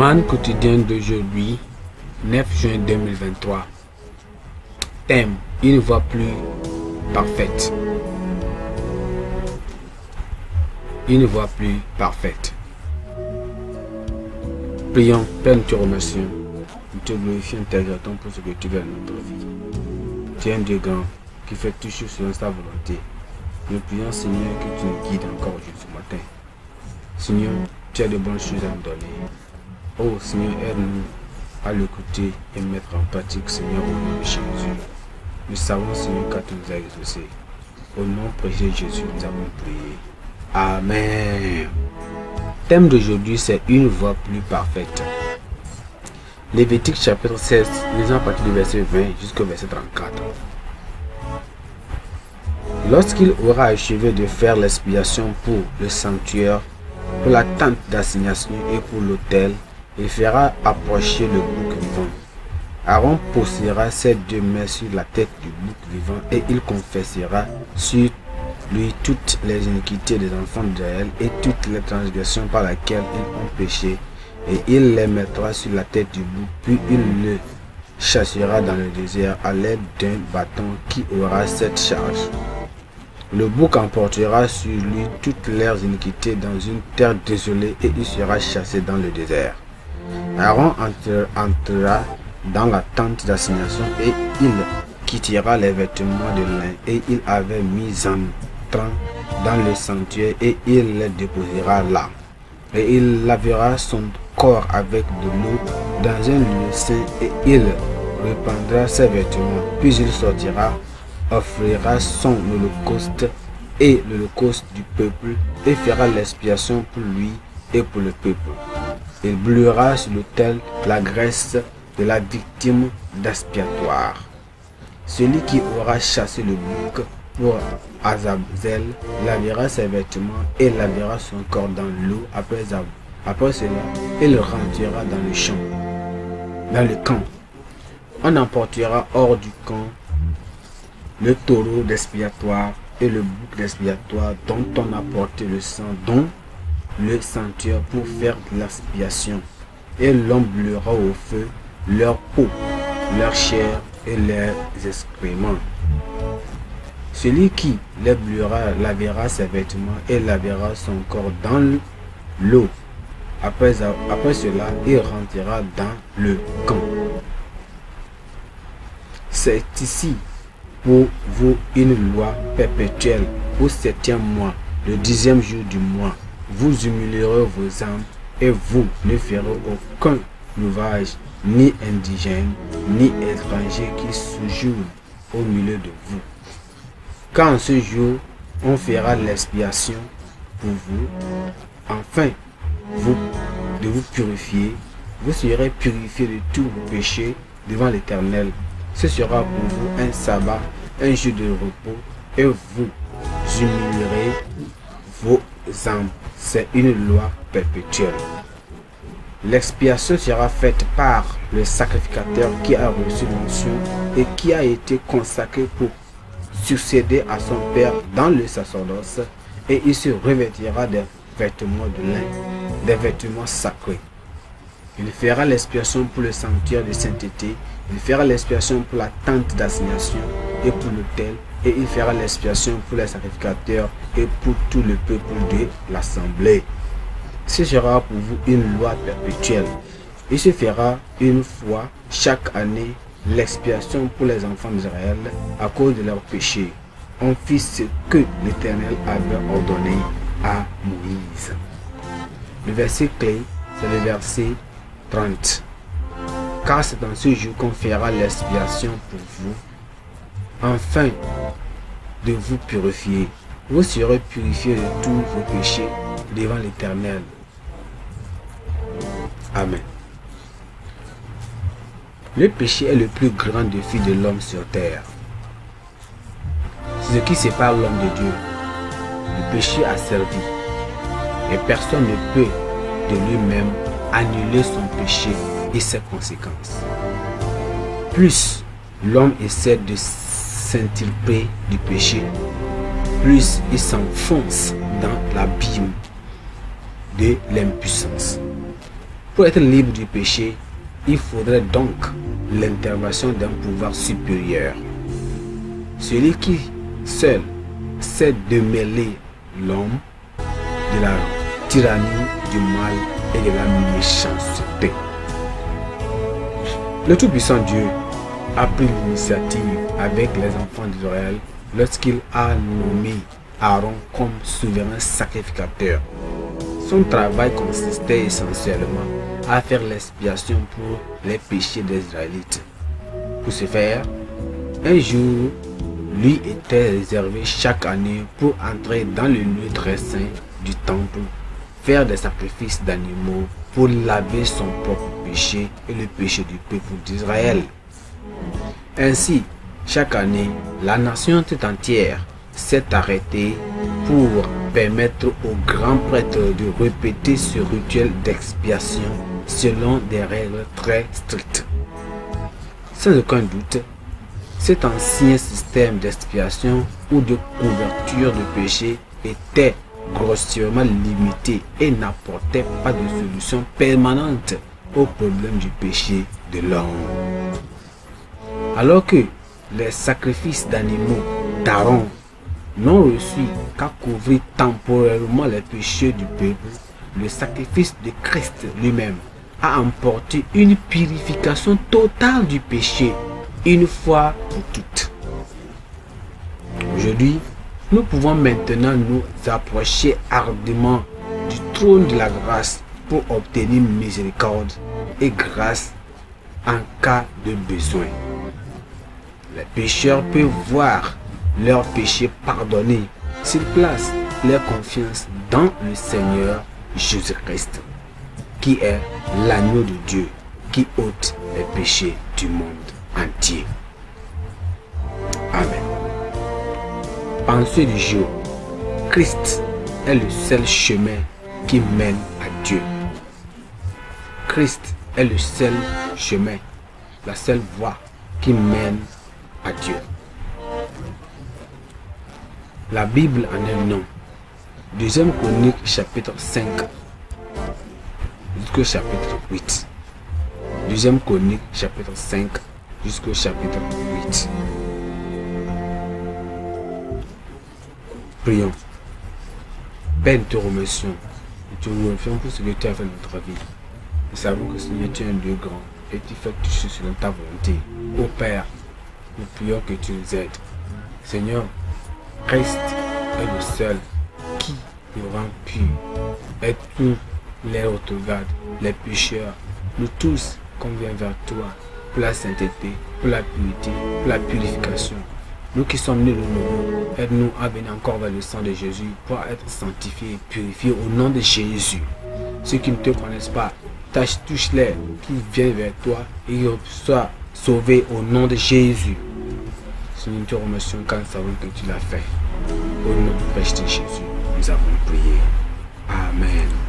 Man quotidien d'aujourd'hui, 9 juin 2023. Thème ne voit plus parfaite. il ne voit plus parfaite. Prions, Père, nous te remercions. Nous te glorifions, pour ce que tu veux dans notre vie. Tu es un Dieu grand qui fait tout sur selon sa volonté. Nous prions, Seigneur, que tu nous guides encore aujourd'hui ce matin. Seigneur, tu as de bonnes choses à nous donner. Oh Seigneur, aide-nous à l'écouter et mettre en pratique, Seigneur, au nom de Jésus. Nous savons, Seigneur, car tu nous as exaucés. Au nom de Jésus, nous avons prié. Amen. Thème d'aujourd'hui, c'est une voix plus parfaite. Lévitique chapitre 16, nous en partir du verset 20 jusqu'au verset 34. Lorsqu'il aura achevé de faire l'expiation pour le sanctuaire, pour la tente d'assignation et pour l'autel, il fera approcher le bouc vivant. Aaron posera ses deux mains sur la tête du bouc vivant et il confessera sur lui toutes les iniquités des enfants d'Israël et toutes les transgressions par lesquelles ils ont péché et il les mettra sur la tête du bouc puis il le chassera dans le désert à l'aide d'un bâton qui aura cette charge. Le bouc emportera sur lui toutes leurs iniquités dans une terre désolée et il sera chassé dans le désert. Aaron entrera dans la tente d'assignation et il quittera les vêtements de l'un et il avait mis en train dans le sanctuaire et il les déposera là. Et il lavera son corps avec de l'eau dans un lieu et il reprendra ses vêtements. Puis il sortira, offrira son holocauste et l'holocauste du peuple et fera l'expiation pour lui et pour le peuple. Il brûlera sur l'autel la graisse de la victime d'aspiatoire. Celui qui aura chassé le bouc pour Azazel lavera ses vêtements et lavera son corps dans l'eau après, cela et le rentrera dans le champ, dans le camp. On emportera hors du camp le taureau d'aspiatoire et le bouc d'aspiatoire dont on a porté le sang, dont le sanctuaire pour faire de l'aspiration, et l'emblera au feu leur peau, leur chair et leurs excréments. Celui qui les brûlera lavera ses vêtements et lavera son corps dans l'eau. Après, après cela, il rentrera dans le camp. C'est ici pour vous une loi perpétuelle au septième mois, le dixième jour du mois vous humilierez vos âmes et vous ne ferez aucun louvage ni indigène, ni étranger qui joue au milieu de vous. Quand ce jour, on fera l'expiation pour vous, enfin, vous, de vous purifier, vous serez purifié de tous vos péchés devant l'Éternel. Ce sera pour vous un sabbat, un jour de repos, et vous humilierez vos c'est une loi perpétuelle. L'expiation sera faite par le sacrificateur qui a reçu l'onction et qui a été consacré pour succéder à son père dans le sacerdoce et il se revêtira des vêtements de lin, des vêtements sacrés. Il fera l'expiation pour le sanctuaire de sainteté, il fera l'expiation pour la tente d'assignation, et pour l'autel, et il fera l'expiation pour les sacrificateurs et pour tout le peuple de l'assemblée. Ce sera pour vous une loi perpétuelle. Il se fera une fois chaque année l'expiation pour les enfants d'Israël à cause de leurs péchés. On fit ce que l'Éternel avait ordonné à Moïse. Le verset clé, c'est le verset 30. Car c'est dans ce jour qu'on fera l'expiation pour vous enfin de vous purifier. Vous serez purifié de tous vos péchés devant l'Éternel. Amen. Le péché est le plus grand défi de l'homme sur terre. ce qui sépare l'homme de Dieu. Le péché a servi. Et personne ne peut de lui-même annuler son péché et ses conséquences. Plus l'homme essaie de s'intilper du péché, plus il s'enfonce dans l'abîme de l'impuissance. Pour être libre du péché, il faudrait donc l'intervention d'un pouvoir supérieur. Celui qui seul sait démêler l'homme de la tyrannie du mal et de la méchanceté. Le Tout-Puissant Dieu a pris l'initiative avec les enfants d'Israël lorsqu'il a nommé Aaron comme souverain sacrificateur. Son travail consistait essentiellement à faire l'expiation pour les péchés des Israélites. Pour ce faire, un jour lui était réservé chaque année pour entrer dans le lieu très saint du temple, faire des sacrifices d'animaux pour laver son propre péché et le péché du peuple d'Israël. Ainsi, chaque année, la nation tout entière s'est arrêtée pour permettre aux grands prêtres de répéter ce rituel d'expiation selon des règles très strictes. Sans aucun doute, cet ancien système d'expiation ou de couverture de péché était grossièrement limité et n'apportait pas de solution permanente au problème du péché de l'homme alors que les sacrifices d'animaux d'Aaron n'ont reçu qu'à couvrir temporairement les péchés du peuple, le sacrifice de Christ lui-même a emporté une purification totale du péché, une fois pour toutes. Aujourd'hui, nous pouvons maintenant nous approcher ardemment du trône de la grâce pour obtenir miséricorde et grâce en cas de besoin. Les pécheurs peuvent voir leurs péchés pardonnés s'ils placent leur confiance dans le Seigneur Jésus-Christ, qui est l'agneau de Dieu qui ôte les péchés du monde entier. Amen. Pensez du jour. Christ est le seul chemin qui mène à Dieu. Christ est le seul chemin, la seule voie qui mène à à Dieu. La Bible en un nom. Deuxième Chronique chapitre 5 jusqu'au chapitre 8. Deuxième Chronique chapitre 5 jusqu'au chapitre 8. Prions. Père, te remercions. Nous te remercions pour ce que tu as fait notre vie. Nous savons que Seigneur, tu es un Dieu grand et tu fais tout ce selon ta volonté. Ô Père, nous prions que tu nous aides. Seigneur, reste et le seul qui nous rend pur. Et tous les autogardes, les pécheurs, nous tous qu'on vient vers toi pour la sainteté, pour la purité, pour la purification. Nous qui sommes nés de nouveau, aide-nous à venir encore vers le sang de Jésus pour être sanctifiés et purifiés au nom de Jésus. Ceux qui ne te connaissent pas, tâche, touche-les, qui viennent vers toi et reçoivent sauvé au nom de Jésus. Seigneur, nous te remercions quand nous savons que tu l'as fait. Au nom de Christ Jésus, nous avons prié. Amen.